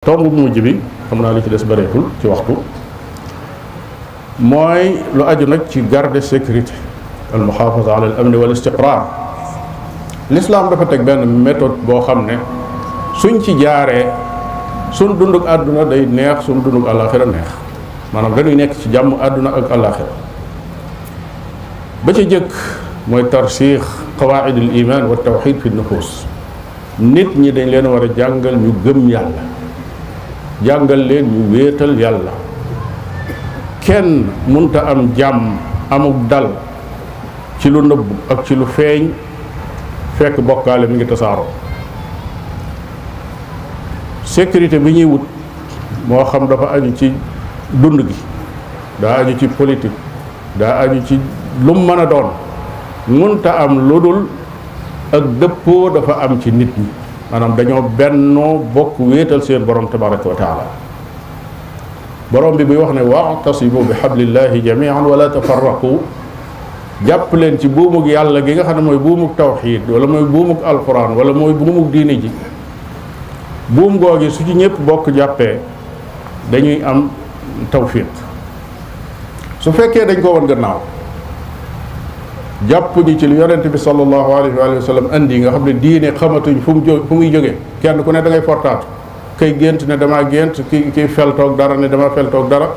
tomb bu mujj bi xam naa li ci des bareetul ci waxtu mooy lu aju nag ci garde sécurité al muhafaza ala al amni wal istiqrar l'islam dafa teg benn metod boo xam ne suñ ci jaaree suñ dunduk àdduna day neex suñ dunduk àllaaxira neex maanaam dañuy nekk ci jàmm àdduna ak àllaaxira ba ci jëkk mooy tarsiix qawaid al iman wa tawxid fi nufus nit ñi dañ leen war a jàngal ñu gëm yàlla jàngal leen ñu wéetal yàlla kenn munta am jàmm amuk dal ci lu nëbb ak ci lu feeñ fekk bokkaale mi ngi tasaaroo sécurité bi ñuy wut moo xam dafa aju ci dund gi daa aju ci politique daa aju ci lu mën a doon munta am lu dul ak dëppoo dafa am ci nit ñi maanaam dañoo bennoo bokk wéetal seen borom tabaraka wa taala borom bi buy wax ne wa'tasimu bi hablillahi jamian wala tafarraqu jàpp leen ci buumug yàlla gi nga xam ne mooy buumug tawxiid wala mooy buumug alquran wala mooy buumug diine ji buum googi su ci ñëpp bokk jàppee dañuy am tawfiq su fekkee dañ ko woon gannaaw jàpp ñu ci li yonent bi sallallahu alayhi wa sallam yi nga xam ne diine xamatuñ fu mu jó fu muy jóge kenn ku ne da ngay kay gént ne damaa gént ki ki feltoog dara ne damaa feltoog dara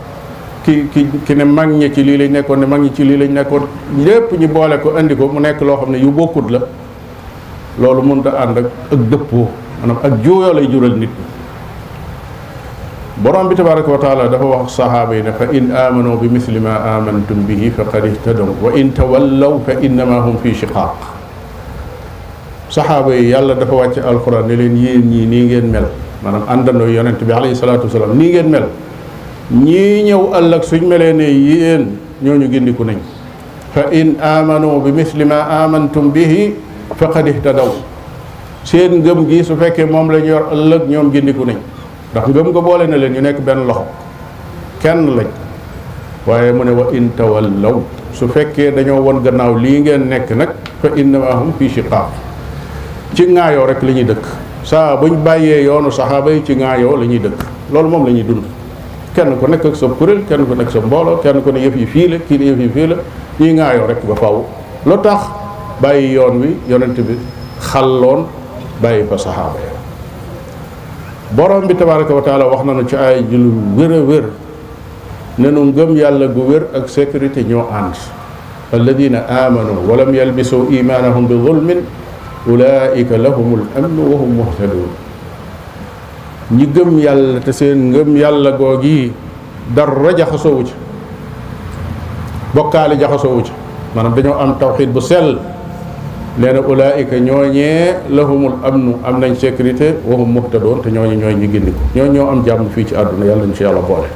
ki ki ki ne mag ñi ci lii lañ nekkoon ne mag ñi ci lii lañ nekkoon lépp ñu boole ko indi ko mu nekk loo xam ne yu bokkut la loolu mënut a ànd ak ak dëppoo maanaam ak juuyoo lay jural nit ñi borom bi tabaraka wa taala dafa wax saxaaba yi ne fa in amano bi misli ma amantum bihi faqad ihtadaw wa in tawallaw fa innama hum fi shiqaaq saxaaba yi yàlla dafa wàcc alquran ne leen yéen ñii nii ngeen mel maanaam àndandoo yonent bi alayhi salaatu wasalaam nii ngeen mel ñii ñëw ëllëg suñ melee ne yéen ñooñu gindiku nañ fa in amano bi misli ma bi bihi faqad ihtadaw seen ngëm gi su fekkee moom lañu yor ëllëg ñoom gindiku nañ ndax gëm ko boole na leen ñu nekk benn loxo kenn lañ waaye mu ne wa in tawallaw su fekkee dañoo won gannaaw lii ngeen nekk nag fa innamaa hum fii shiqaaq ci ŋaayoo rek la ñuy dëkk saa buñ bàyyee yoonu saxaaba yi ci ŋaayoo la ñuy dëkk loolu moom la ñuy dund kenn ku nekk ak sa kuréel kenn ku nekk sa mbooloo kenn ku ne yëf yi fii la kii ne yëf yi fii la ñuy ŋaayoo rek ba faw lu tax bàyyi yoon wi yonent bi xal loon bàyyi fa saxaaba ya borom bi tabaraka wa taala wax nañu ci ay ji lu wér ne nu ngëm yàlla gu wér ak sécurité ñoo ànd alladina amanu wa lam yalbisu imaanahum bi zulmin ulaika lahumul amnu wa hum muhtadun ñi gëm yàlla te seen ngëm yàlla goog yi dara jaxasoowu ci bokkaale jaxasoowu ci manam dañoo am tawxiid bu sel nee na ulaayika ñooñee lahumul amnu am am nañ sécurité wahum muhtadoon te ñooñu ñooy ñu génn ko ñoo ñoo am jàmm fii ci àdduna yàlla ñu ci yàlla boole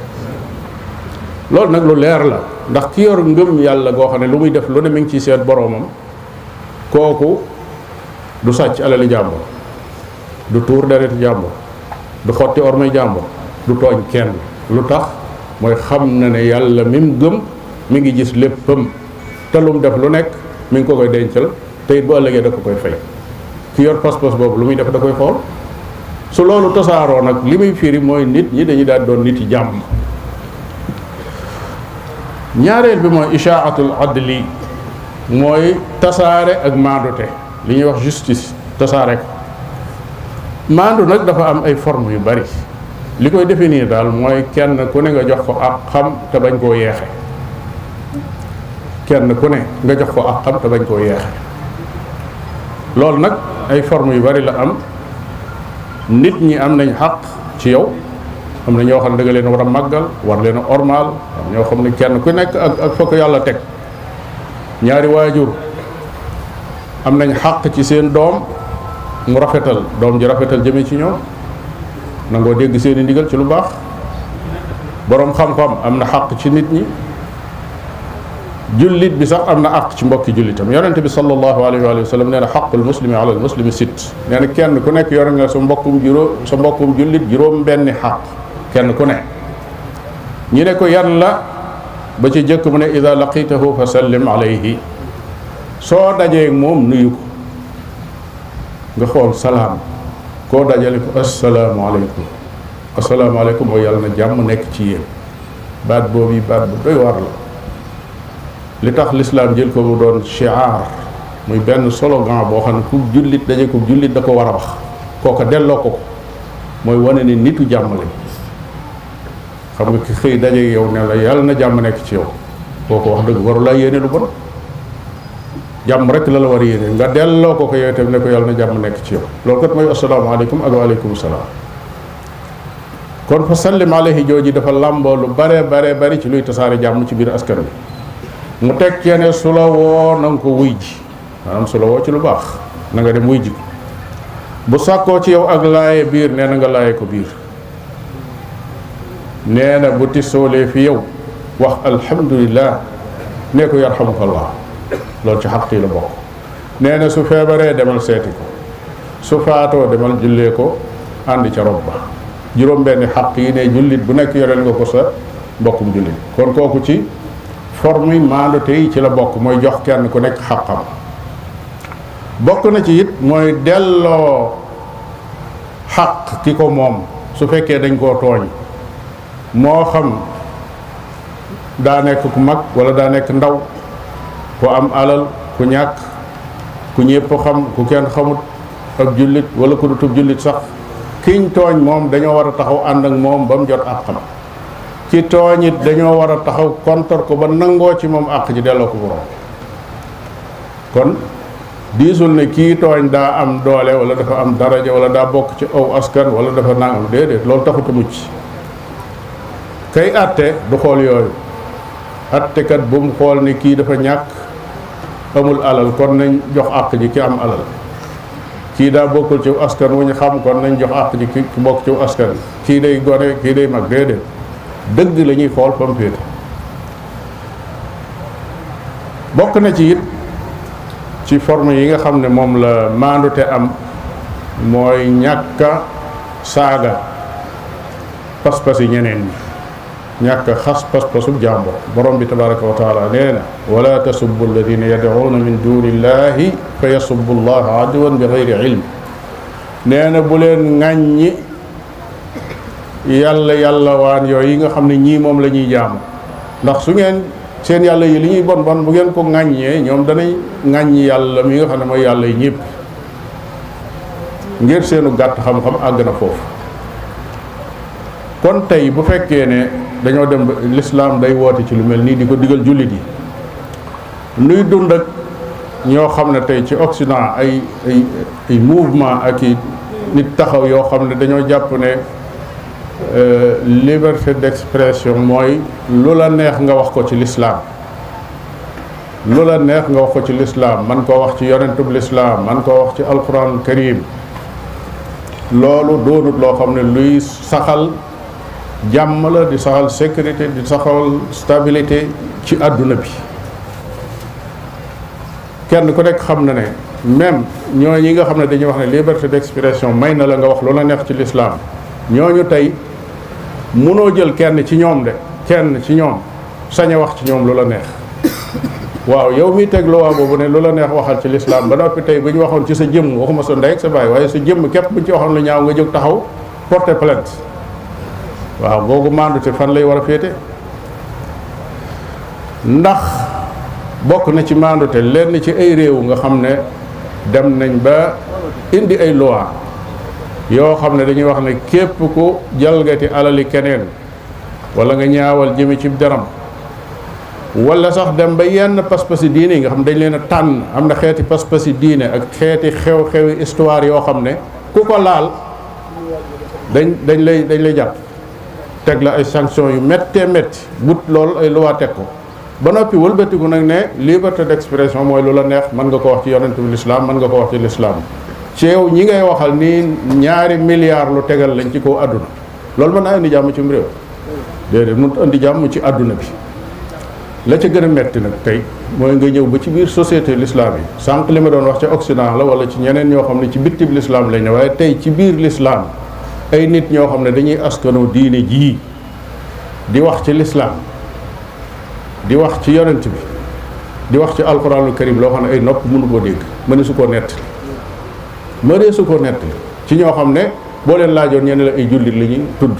loolu nag lu leer la ndax ki yor ngëm yàlla goo xam ne lu muy def lu ne mi ngi ciy seet boroomam kooku du sàcc alali jàmbur du tuur dereti jàmbur du xotti ormay jàmbur du tooñ kenn lu tax mooy xam na ne yàlla mi mu gëm mi ngi gis léppam te def lu nekk mi ngi ko koy dencal tey it bu ëllëgee da ko koy fay ki yor pas boobu lu muy def da koy xool su loolu tasaaroo nag li muy firi mooy nit ñi dañuy daal doon nit yi jàmm ñaareel bi mooy ishaatul lii mooy tasaare ak maandute li ñuy wax justice tasaare ko maandu nag dafa am ay forme yu bari li koy définir daal mooy kenn ku ne nga jox ko ak xam te bañ koo yeexe kenn ku ne nga jox ko ak xam te bañ koo yeexe loolu nag ay forme yu bari la am nit ñi am nañ xaq ci yow am na ñoo xam ne da leen war a màggal war leen a ormaal am ñoo xam ne kenn ku nekk ak ak fa yàlla teg ñaari waajur am nañ xaq ci seen doom mu rafetal doom ji rafetal jëme ci ñoom nangoo dégg seen i ndigal ci lu baax boroom xam-xam am na xaq ci nit ñi jullit bi sax am na àq ci mbokki jullitam yonente bi sallallahu alayhi wa sallam nee na xaqul muslimi ala al muslimi sit nee na kenn ku nekk yore nga sa mbokkum juróom sa mbokkum jullit juróom benni xaq kenn ku ne ñi ne ko yan la ba ci jëkk mu ne ida laqitahu fa sallim alayhi soo dajee moom nuyu ko nga xool salaam koo dajale ko assalaamu aleykum assalaamu aleykum mooy yàlla na jàmm nekk ci yéen baat boobu baat bu doy war la li tax lislaam jël ko mu doon shiar muy benn solo slogan boo xam ne ku jullit daje ko jullit da ko war a wax kooka delloo ko ko mooy wane ne nitu jàmm lañ xam nga ki xëy daje yow ne la yàlla na jàmm nekk ci yow kooku wax dëgg waru laa yéene lu bon jàmm rek la la war a nga delloo ko ko yow itam ne ko yàlla na jàmm nekk ci yow loolu kat mooy asalaamaaleykum ak waaleykum salaam kon fa sallim alayhi jooji dafa làmboo lu bare bare bari ci luy tasaare jàmm ci biir askan wi mu teg cee ne woo na ko wuy ji maanaam su la woo ci lu baax na nga dem wuy ji bu sàkkoo ci yow ak laaye biir nee na nga laaye ko biir nee na bu tisoolee fi yow wax alhamdulillah nee ko yarhamukallah loolu ci xaq yi la bokk nee na su feebaree demal seeti ko su faatoo demal jullee ko ànd ca rob ba juróom benn xaq yi ne jullit bu nekk yoreel nga ko sa mbokkum jullit kon kooku ci forme maandute yi ci la bokk mooy jox kenn ku nekk xaqam bokk na ci it mooy delloo xaq ki ko moom su fekkee dañ koo tooñ moo xam daa nekk ku mag wala daa nekk ndaw ku am alal ku ñàkk ku ñépp xam ku kenn xamut ab jullit wala ku dutub jullit sax kiñ tooñ moom dañoo war a taxaw ànd ak moom ba mu jot àqam ci tooñit dañoo war a taxaw kontor ko ba nangoo ci moom àq ji delloo ko borom kon diisul ne kii tooñ daa am doole wala dafa am daraja wala daa bokk ci aw askan wala dafa nangam déedéet loolu taxut a mucc kay àtte du xool yooyu àttekat bu mu xool ne kii dafa ñàkk amul alal kon nañ jox àq ji ki am alal kii daa bokkul ci askan wu ñu xam kon nañ jox àq ji ki bokk ci askan kii day gone kii day mag déedéet dëgg la ñuy xool pam féete bokk na ci it ci forme yi nga xam ne moom la te am mooy ñàkk a saaga pas-pas yi ñeneen ñi ñàkk a xas pas-pasub jàmbur borom bi tabaraka wa taala nee na wala tasubbu alladina yad'uuna min dunillahi fa yasubbu allaha adwan bi gayri ilm nee na bu leen ŋàññi yàlla yàlla waan yooyu yi nga xam ne ñii moom lañuy ñuy jaamu ndax su ngeen seen yàlla yi li ñuy bon bon bu ngeen ko ŋàññee ñoom danañ ŋàññi yàlla mi nga xam ne mooy yàlla yi ñëpp ngir seenu gàtt xam-xam àgg na foofu kon tey bu fekkee ne dañoo dem ba lislaam day woote ci lu mel nii di ko digal jullit yi nuy dund ak ñoo xam ne tey ci Occident ay ay ay ak i nit taxaw yoo xam ne dañoo jàpp ne Euh, liberté d'expression mooy lu la neex nga wax ko ci lislaam lu la neex nga wax ko ci lislaam man koo wax ci yonentub lislaam man koo wax ci alquran karim loolu doonut loo xam ne luy saxal jàmm la di saxal sécurité di saxal stabilité ci àdduna bi kenn ku nekk xam na ne même ñoo ñi nga xam ne dañuy wax ne liberté d'expression may na la nga wax lu la neex ci lislaam ñooñu tey mënoo jël kenn ci ñoom de kenn ci ñoom saña wax ci ñoom lu la neex waaw yow miy teg luwaa boobu ne lu la neex waxal ci lislaam ba noppi tey bu ñu waxoon ci sa jëmm waxuma sa ndey ak sa baay waaye sa jëmm képp bu ñu ci waxoon lu ñaaw nga jóg taxaw porter plainte waaw googu mandute fan lay war a féete ndax bokk na ci mandute lenn ci ay réew nga xam ne dem nañ ba indi ay luwaa yoo xam ne dañuy wax ne képp ku jalgati alali keneen wala nga ñaawal jëme ci deram walla sax dem ba yenn pas-pasi diine yi nga xam ne dañ leen a tànn am na xeeti pas-pasi diine ak xeeti xew-xewi histoire yoo xam ne ku ko laal dañ dañ lay dañ lay jàpp teg la ay sanctions yu méttee metti but loolu ay luwaa teg ko ba noppi wëlbatiku nag ne liberté d'expression mooy lu la neex mën nga ko wax ci yonent bi l'islam mën nga ko wax ci l'islam ci ñi ngay waxal ni ñaari milliards lu tegal lañ ci kaw àdduna loolu mën naa indi jàmm ci réew déedéet mu indi jàmm ci àdduna bi la ca gën a metti nag tey mooy nga ñëw ba ci biir société l'islam yi sànq li ma doon wax ca Occident la wala ci ñeneen ñoo xam ne ci bittib l'islam lañ ne waaye tey ci biir l'islam ay nit ñoo xam ne dañuy askanoo diine jii di wax ci l'islam di wax ci yonent bi di wax ci alquranul karim loo xam ne ay nopp mënu koo dégg mënu su koo nett mënee su ko nett ci ñoo xam ne boo leen laajoon ñeneen la ay jullit li ñuy tudd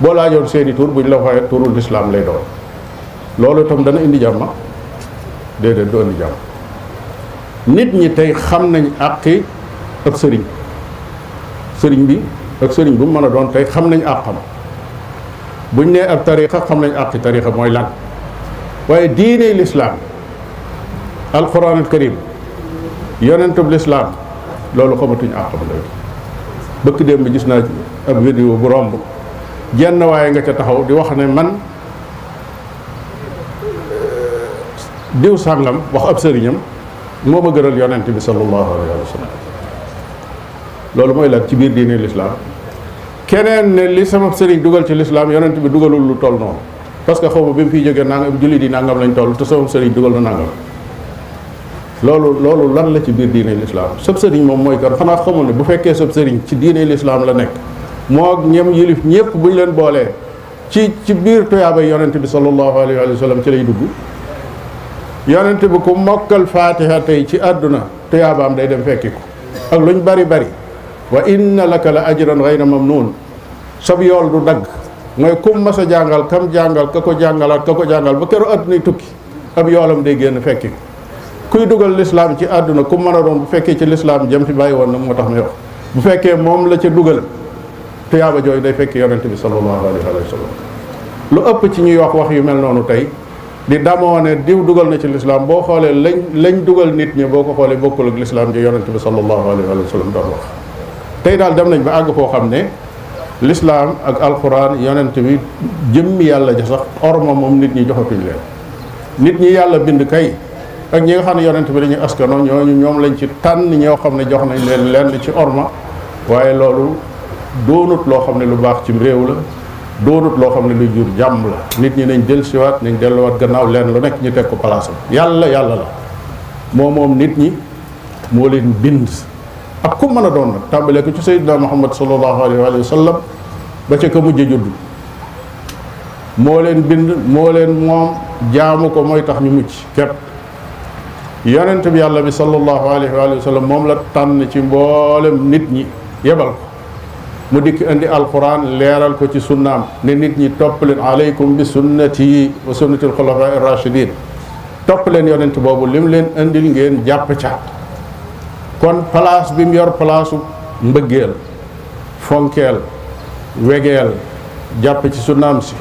boo laajoon seeni bu ñu la waxee turul lislaam lay doon loolu itam dana indi jàmm déedéet du indi jàmm nit ñi tey xam nañ àqi ak sëriñ sëriñ bi ak sëriñ bu mu mën a doon tey xam nañ àqam buñ nee ab tarixa xam nañ àqi tarixa mooy lan waaye diine lislaam alquran al karim yonentub lislaam loolu xamatuñu àqam la bëkk démb gis naa ab vidéo bu romb jenn waaye nga ca taxaw di wax ne man euh, diw sàngam wax ab sëriñam moo ma gënal yonent bi sallallahu alayhi wa sallam loolu mooy lan ci biir diine lislaam keneen ne li sama sëriñ dugal ci lislaam yonent bi dugalul lu toll noonu parce que xaw ma bi mu fiy jógee nangam jullit yi nangam lañ toll te sama sëriñ dugal na nangam loolu loolu lan la ci biir diine lislaam sëb sëriñ moom mooy kan xanaa xamul ne bu fekkee sëb sëriñ ci diine lislaam la nekk moo ak ñem yilif ñëpp buñ leen boolee ci ci biir tuyaabay yonent bi sallallahu alayhi wa sallam ci lay dugg yonent bi ku mokkal faatiha tey ci àdduna tuyaabaam day dem fekki ko ak ñu bari bari wa inna laka la ajran ghayra mamnun sab yool du dagg mooy kum mas a jàngal kam jàngal ka ko jàngalaat ka ko jàngal ba keru àddunay tukki ab yoolam day génn fekki kuy dugal lislaam ci àdduna ku mën a doon bu fekkee ci lislaam jëm fi bàyyi woon nag moo tax may wax bu fekkee moom la ca dugal tuyaaba jooju day fekk yonente bi sallallahu alayhi wa sallam lu ëpp ci ñuy wax wax yu mel noonu tey di damoo ne diw dugal na ci lislaam boo xoolee lañ lañ dugal nit ñi boo ko xoolee bokkul ak lislaam ji yonente bi sallallahu alayhi wa sallam doon wax tey daal dem nañ ba àgg foo xam ne lislaam ak alquran yonent bi jëmmi yàlla ja sax orma moom nit ñi joxatuñ leen nit ñi yàlla bind kay ak ñi nga xam ne yonent bi dañuy askano ñooñu ñoom lañ ci tànn ñoo xam ne jox nañ leen lenn ci orma waaye loolu doonut loo xam ne lu baax ci réew la doonut loo xam ne lu jur jàmm la nit ñi nañ jël siwaat nañ delluwaat gannaaw leen lu nekk ñu teg ko palaasam yàlla yàlla la moo moom nit ñi moo leen bind ak ku mën a doon nag tàmbalee ko ci sayyidina muhammad sallallahu alayhi wa sallam ba ca ka mujj judd moo leen bind moo leen moom jaamu ko mooy tax ñu mucc yonent bi yàlla bi sallallahu alayhi wa sallam moom la tànn ci mboolem nit ñi yebal ko mu dikk indi alquran leeral ko ci sunnaam ne nit ñi topp leen aleykum bi sunnati wa sunnati alxulafa rachidin topp leen yonent boobu lim leen indil ngeen jàpp ca kon palaas bi mu yor palaasu mbëggeel fonkeel wegeel jàpp ci sunnaam si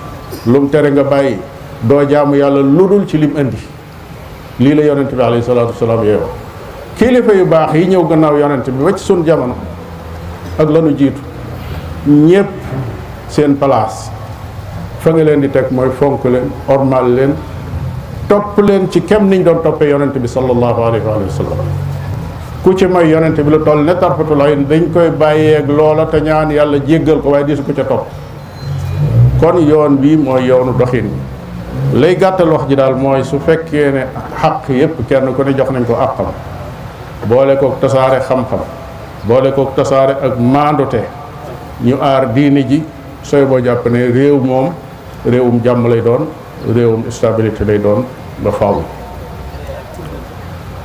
lu mu tere nga bàyyi doo jaamu yàlla lu dul ci lim indi lii la yonent bi alayhi salaatu wasalaam yeewa kilifa yu baax yi ñëw gannaaw yonent bi ba ci sun jamono ak lanu jiitu ñépp seen palaas fa nga leen di teg mooy fonk leen ormal leen topp leen ci kem niñ doon toppee yonent bi sallallahu alayhi wa ku ci mooy yonent bi lu toll ne tarfatul ayn dañ koy bàyyeeg loola te ñaan yàlla jéggal ko waaye disu ko ca topp kon yoon bii mooy yoonu doxin lay gàttal wax ji daal mooy su fekkee ne xaq yépp kenn ko ne jox nañ ko àqam boole kook tasaare xam-xam boole kook tasaare ak maandute ñu aar diini ji sooy boo jàpp ne réew moom réewum jàmm lay doon réewum stabilité lay doon ba faaw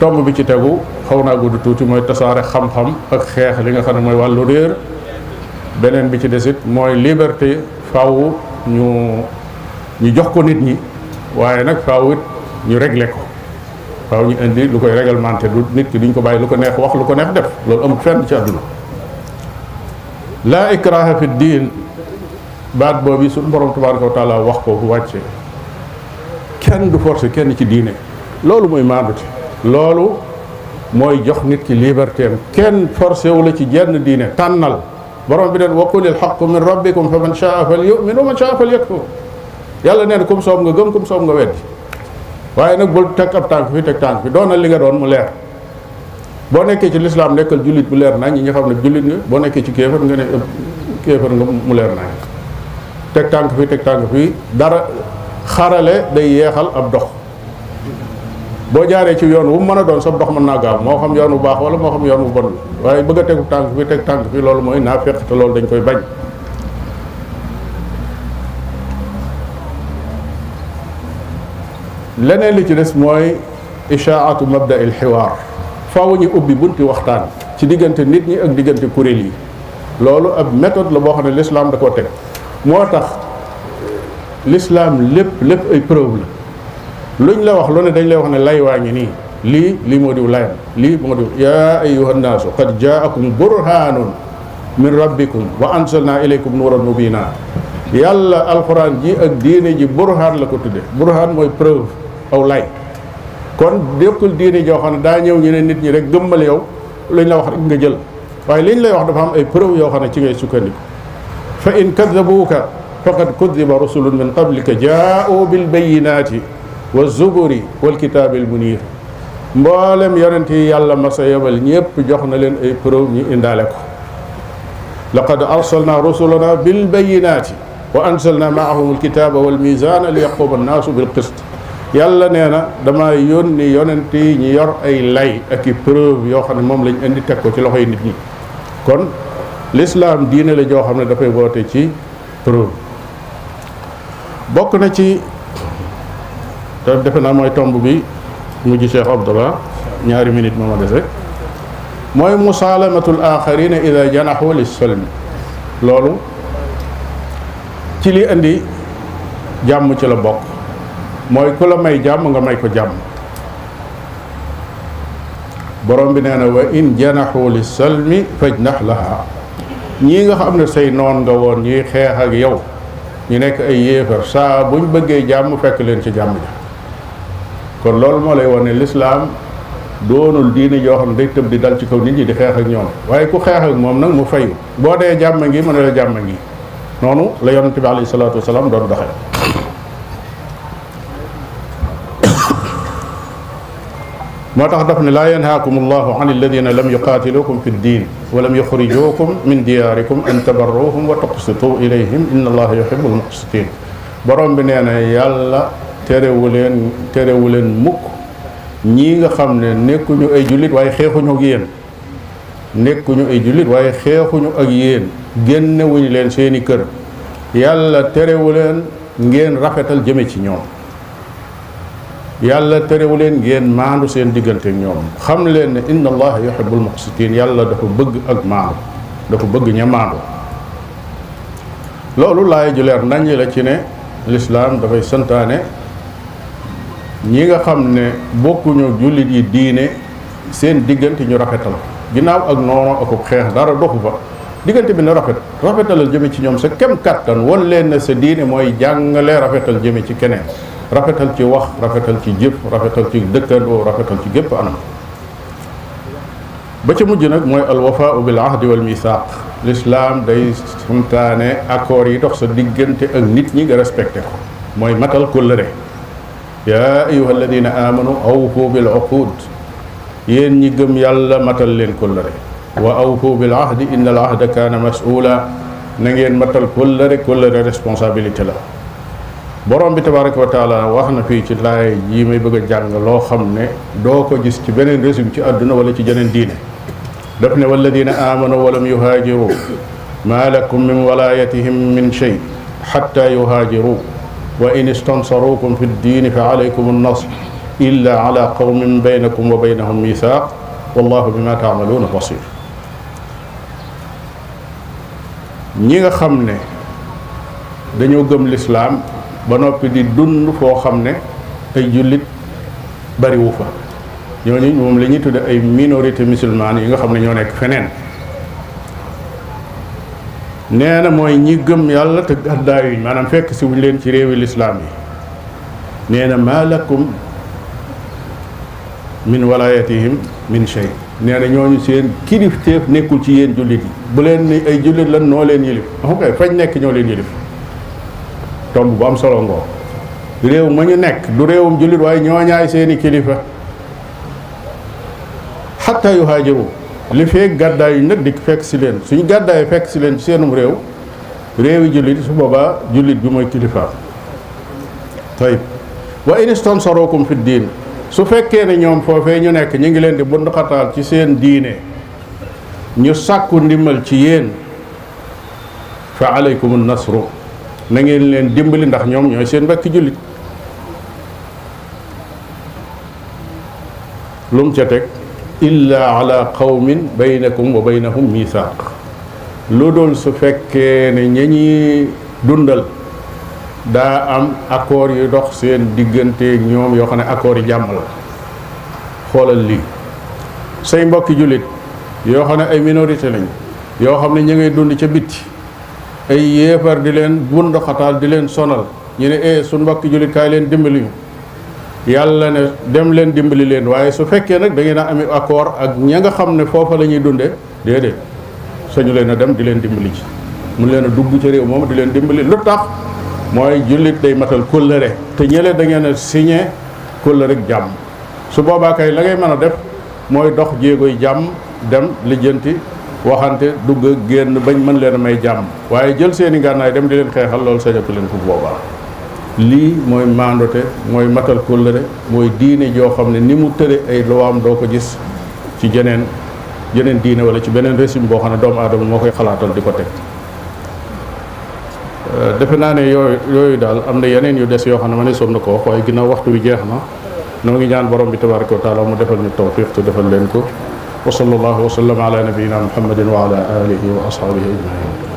tomb bi ci tegu xaw naa gudd tuuti mooy tasaare xam-xam ak xeex li nga xam ne mooy wàllu réer beneen bi ci desit mooy liberté faaw ñu ñu jox ko nit ñi waaye nag faaw it ñu régle ko faaw ñu indi lu koy réglementé du nit ki duñ ko bàyyi lu ko neex wax lu ko neex def loolu amul fenn ci àdduna laa ikraha fi diin baat boobu suñu borom tabaraka wa taala wax ko bu wàcce kenn du forcé kenn ci diine loolu mooy maandute loolu mooy jox nit ki liberté am kenn forcé wu la ci jenn diine tànnal borom bi den wa qulil haqqu min rabbikum fa man shaa fal yu'min wa man shaa fal yakfur yàlla nee na kum soob nga gëm kum soob nga weddi waaye nag bul teg ab tànk fi teg tànk fi doonal li nga doon mu leer boo nekkee ci lislaam nekkal jullit bu leer nañ ñi nga xam ne jullit nga boo nekkee ci kéefar nga ne kéefar nga mu leer nañ teg tànk fi teg tànk fi dara xarale day yeexal ab dox boo jaaree ci yoon wu mën a doon sa dox mën naa moo xam yoon bu baax wala moo xam yoon bu bon waaye bëgg a tegu tànk fi teg tànk fi loolu mooy naa fekk loolu dañ koy bañ leneen li ci des mooy ishaatu mabda il xiwaar faaw ñu ubbi bunti waxtaan ci diggante nit ñi ak diggante kuréel yi loolu ab méthode la boo xam ne lislaam da koo teg moo tax lislaam lépp lépp ay preuve la luñ la wax lu ne dañ lay wax ne lay waa ngi nii lii lii moo diw layam lii moo diw yaa ayuha nnaasu qad jaakum burhanun min rabbikum wa anzalna ilaykum nuuran mubina yàlla alxuraan ji ak diine ji burhaan la ko tudde burhaan mooy preuve aw lay kon dékkul diine joo xam ne daa ñëw ñu ne nit ñi rek gëmmal yow luñ la wax rek nga jël waaye liñ lay wax dafa am ay preuve yoo xam ne ci ngay sukkandiku fa in kadabuuka faqad kudiba rusulun min qablika jaau bilbayinati wa zuburi walkitaabil munir mboolem yonent yi yàlla masa yebal ñépp jox na leen ay preuve ñu indaale ko laqad arsalna rusulana bilbayinati wa anzalna maahum alkitaba walmizana li yaquma annaasu bilqist yàlla nee na dama yónni yonent yi ñu yor ay lay ak i preuve yoo xam ne moom lañ indi teg ko ci loxo loxoy nit ñi kon l'islam diine la joo xam ne dafay woote ci preuve bokk na ci te defe naa mooy tomb bi mujj Cheikh Abdallah ñaari minute moo ma des mooy musaalamatul aaxarina ida janaxu lissalmi loolu ci li indi jàmm ci la bokk mooy ku la may jàmm nga may ko jàmm borom bi nee na wa in janaxu li fëj fajnax la ñii nga xam na say noon nga woon ñuy xeex ak yow ñu nekk ay yéefar saa ñu bëggee jàmm fekk leen ci jàmm ja kon loolu moo lay wane lislaam doonul diine yoo xam ne day tëb di dal ci kaw nit ñi di xeex ak ñoom waaye ku xeex ak moom nag mu fayu boo dee jàmm ngi mu ne la jàmm ngi noonu la yonente bi alayhi salaatu wasalaam doon doxee moo tax daf ne laa yanhaakum allahu an alladina lam yuqaatilukum fi ddin wa lam yuxrijukum min diyaarikum an tabarruhum wa tuqsitu ilayhim inna allaha yuhibu almuqsitin borom bi nee na yàlla terewu leen terewu leen mukk ñii nga xam ne nekkuñu ay jullit waaye xeexuñu ak yéen nekkuñu ay jullit waaye xeexuñu ak yéen génnewuñu leen seeni kër yàlla terewu leen ngeen rafetal jëme ci ñoom yàlla terewu leen ngeen maandu seen diggante ñoom xam leen ne inna allaha yuhibbul muqsitin yàlla dafa bëgg ak maandu dafa bëgg ña maandu loolu laay juleer leer naññ la ci ne lislaam dafay santaane ñi nga xam ne bokkuñu jullit yi diine seen diggante ñu rafetal ginnaaw ak noonu akub xeex dara doxu fa diggante bi na rafet rafetal jëme ci ñoom sa kem kàttan wan leen ne sa diine mooy jàngale rafetal jëme ci keneen rafetal ci wax rafetal ci jëf rafetal ci dëkkandoo rafetal ci gépp anam ba ca mujj nag mooy alwafaau bil ahdi wal misaaq lislaam day santaane accords yi dox sa diggante ak nit ñi nga respecté ko mooy matal kóllëre yaa ayuha alladina amanu awfu bil uqud yéen ñi gëm yàlla matal leen kóllëre wa awfu bil ahdi inna al ahda kaana mas'uula na ngeen matal kóllëre kóllëre responsabilité la borom bi tabaraka wa taala wax na fii ci laay yi may bëgg a jàng loo xam ne doo ko gis ci beneen régime ci àdduna wala ci jeneen diine daf ne walladina amanu walam yuhaajiru ma lakum min walaayatihim min shay xatta yuhaajiru wa in istansarukum fi ddiini fa alaykum annasr illa ala qawmin baynakum wa baynahum misaaq wallahu bima taamaluuna basir ñi nga xam ne dañoo gëm lislaam ba noppi di dund foo xam ne ay jullit bariwu fa ñooñu moom la ñuy tudde ay minorité musulmane yi nga xam ne ñoo nekk feneen nee na mooy ñi gëm yàlla te yi maanaam fekk si wuñ leen ci réewi lislaam yi nee na maa lakum min walayatihim min shay nee na ñu seen kilifteef nekkul ci yéen jullit yi bu leen ay jullit lan noo leen yilif ok fañ nekk ñoo leen yilif tomb bu am solo ngoo réew ma ñu nekk du réewum jullit waaye ñooñaay seeni kilifa xatta yu haajiru li feeg gàddaay yu di fekk si leen suñu gàddaay fekk si leen ci seenum réew réewi jullit su boobaa jullit bi mooy kilifaam tayib wa in istansarukum fi diin su fekkee ne ñoom foofee ñu nekk ñu ngi leen di bund xataal ci seen diine ñu sàkku ndimbal ci yéen fa alaykum nasru na ngeen leen dimbali ndax ñoom ñooy seen mbokki jullit lu ca teg illa ala qawmin baynakum wa baynahum misaaq lu doon su fekkee ne ña ñuy dundal daa am accord yu dox seen digganteeg ñoom yoo xam ne accord yi jàmmal la xoolal lii say mbokki jullit yoo xam ne ay minorité lañ yoo xam ne ñu ngay dund ca bitti ay yéefar di leen bunduxataal di leen sonal ñu ne eh suñ mbokki jullit kaay leen dimbali ñu yàlla ne dem leen dimbali leen waaye su fekkee nag da ngeen a amee accord ak ña nga xam ne foofa la ñuy dundee déedéet sañu leen a dem di leen dimbali ci mun leen a dugg ci réew moom di leen dimbali lu tax mooy jullit day matal kóllëre te ñële da ngeen a signé kóllëre jàmm su boobaa kay la ngay mën a def mooy dox jéegoy jàmm dem lijjanti waxante dugg ak génn bañ man leen a may jàmm waaye jël seeni gànnaay dem di leen xeexal loolu sañatu leen ko boobaa lii mooy maandote mooy matal kóllëre mooy diine joo xam ne ni mu tëre ay luwaam doo ko gis ci jeneen jeneen diine wala ci beneen régime boo xam ne doomu aadama moo koy xalaatal di ko teg euh, defe naa ne yooyu yooyu daal am na yeneen yu des yoo xam ne ma ne sonn ko wax waaye ginnaaw waxtu wi jeex na noo ngi ñaan borom bi tabaraka wa taala mu defal ñu tawfiq defal leen ko wa sallallahu wa sallam ala nabiyina muhammadin wa ala alihi wa ashabihi ajmain